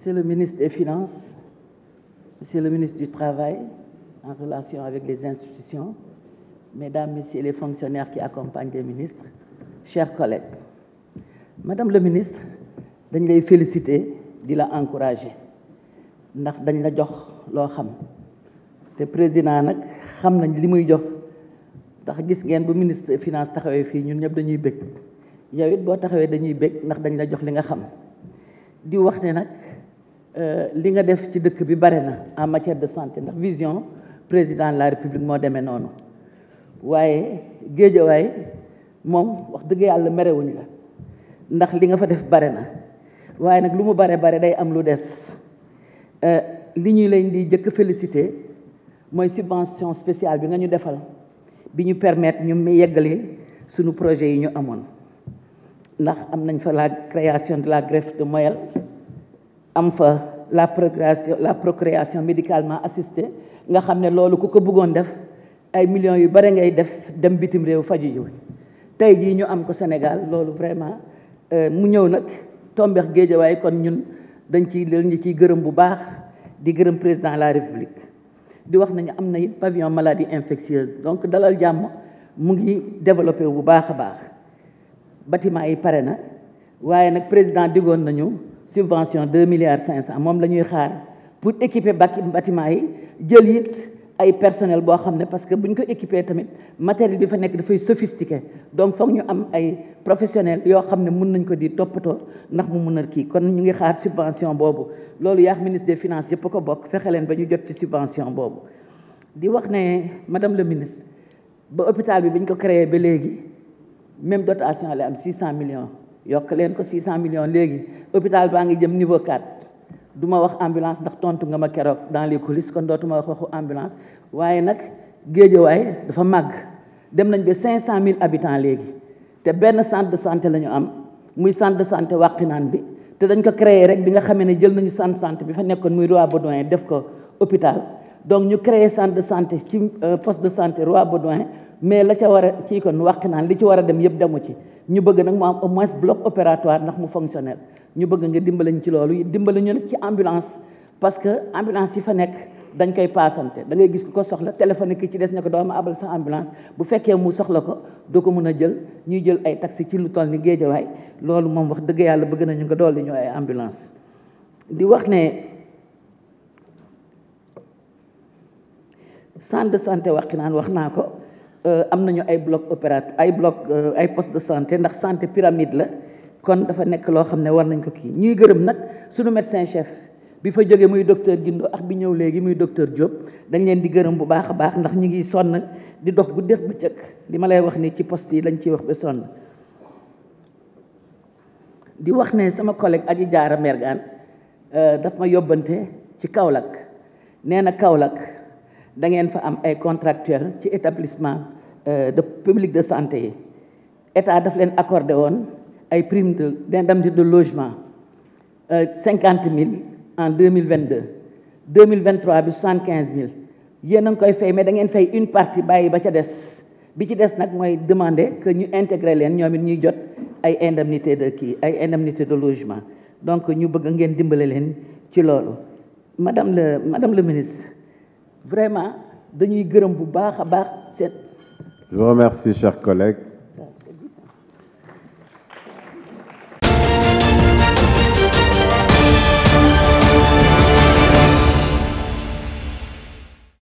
Monsieur le ministre des finance Monsieur le ministre du Travail, en relation avec les institutions, Mesdames, Messieurs les fonctionnaires ki accompagnent les ministres, chers collègues. Madame le ministre, dañ lay féliciter di la encourager ndax dañ la jox loo xam te président nag xam nañ li muy jox ndax gis ngeen bu ministre finance taxawee fii ñun ñëpp dañuy bég yow it boo taxawee dañuy bëgg ndax dañ la jox li nga xam di wax ne nag Euh, li nga def ci dëkk bi bare na en matière de santé ndax vision président de la république moo demee noonu waaye géejawaay moom wax dëgg yàlla merewuñ la ndax li nga fa def bare na waaye nag lu mu bare bare day am lu des euh, li ñuy leen di jëkk félicité mooy subvention spéciale bi nga ñu defal bi ñu permettre ñu yeggali sunu projet yi ñu amoon ndax am nañ fa la création de la greffe de moelle am fa la procréation la procréation médicalement assistée nga xam ne loolu ku ko bëggoon def ay millions yu bare ngay def dem bitim réew faju ji tey jii ñu am ko Sénégal loolu vraiment euh, mu ñëw nag tombeex waaye kon ñun dañ ciy leen ñu ciy gërëm bu baax di gërëm président la république di wax nañu am na it pavillon maladie infectieuse donc dalal jàmm mu ngi développé bu baax a baax bâtiment yi pare na waaye nag président digoon nañu subvention deux milliards cinq cent moom la ñuy xaar pour équiper batiment yi jël it ay personnel boo xam ne parce que bu ñu ko équiper tamit matériel bi fa nekk dafay sophistiqué donc foog ñu am ay professionnel yoo xam ne mun nañ ko di toppatoo ndax mu mun a kii kon ñu ngi xaar subvention boobu loolu yaax ministre des finances yëpp ko bokk fexe leen ba ñu jot ci subvention boobu di wax ne madame le ministre ba hôpital bi bi ñu ko créé ba léegi même dotation la am 600 millions yokk leen ko cent millions léegi hôpital baa ngi jëm niveau 4 du ma wax ambulance ndax tontu nga ma keroog dans les coulisses kon dootuma wax waxu ambulance waaye nag géejawaay dafa màgg dem nañ ba 500000 habitants léegi te benn centre de santé la ñu am muy centre de santé wàqinaan bi te dañ ko créer rek bi nga xamee ne jël nañu centre santé bi fa nekkoon muy Roi Baudouin def ko hôpital donc ñu créer centre de santé ci euh, poste de santé Roi Baudouin mais la ca war a ci kon wàqinaan li ci war a dem yëpp demu ci ñu bëgg nag mu am au moins bloc opératoire ndax mu fonctionnel ñu bëgg nga dimbale ñu ci loolu dimbali ñu nag ci ambulance parce que ambulance yi fa nekk dañ koy paasante da ngay gis ku ko soxla téléphone ki ci des ne ko doo ma abal sa ambulance bu fekkee mu soxla ko doo ko mën a jël ñuy jël ay taxi ci lu toll ni géejawaay loolu moom wax dëgg yàlla bëgg nañu nga dolli ñu ay ambulance di wax ne centre de santé Wakhinane wax naa ko Euh, am nañu ay bloc opérateur ay bloc euh, ay poste de santé ndax santé pyramide la kon dafa nekk loo xam ne war nañ ko kii ñuy gërëm nag suñu médecin chef bi fa jógee muy docteur Guindo ak bi ñëw léegi muy docteur Diop dañ leen di gërëm bu baax a baax ndax ñu ngi sonn di dox bu dex bu njëkk li ma lay wax ni ci poste yi lañ ciy wax ba sonn di wax ne sama collègue Adji Diarra Mergane euh, daf ma yóbbante ci Kaolack nee na Kaolack da ngeen fa am ay contractuels ci établissement euh, de public de santé yi état daf leen accordé woon ay prime de d'indemnité de logement euh, cinquante mille en deux mille vingt deux deux mille vingt bi soixante quinze mille yéen a koy fay mais da ngeen fay une partie bàyyi ba ca des bi ci des nag mooy demander que ñu intégrer leen ñoom it ñuy jot ay indemnité de kii ay indemnité de logement donc ñu bëgg ngeen dimbale leen ci loolu madame le madame le ministre Vraiment, dañuy gërëm bu baax a baax Je vous remercie, chers collègues.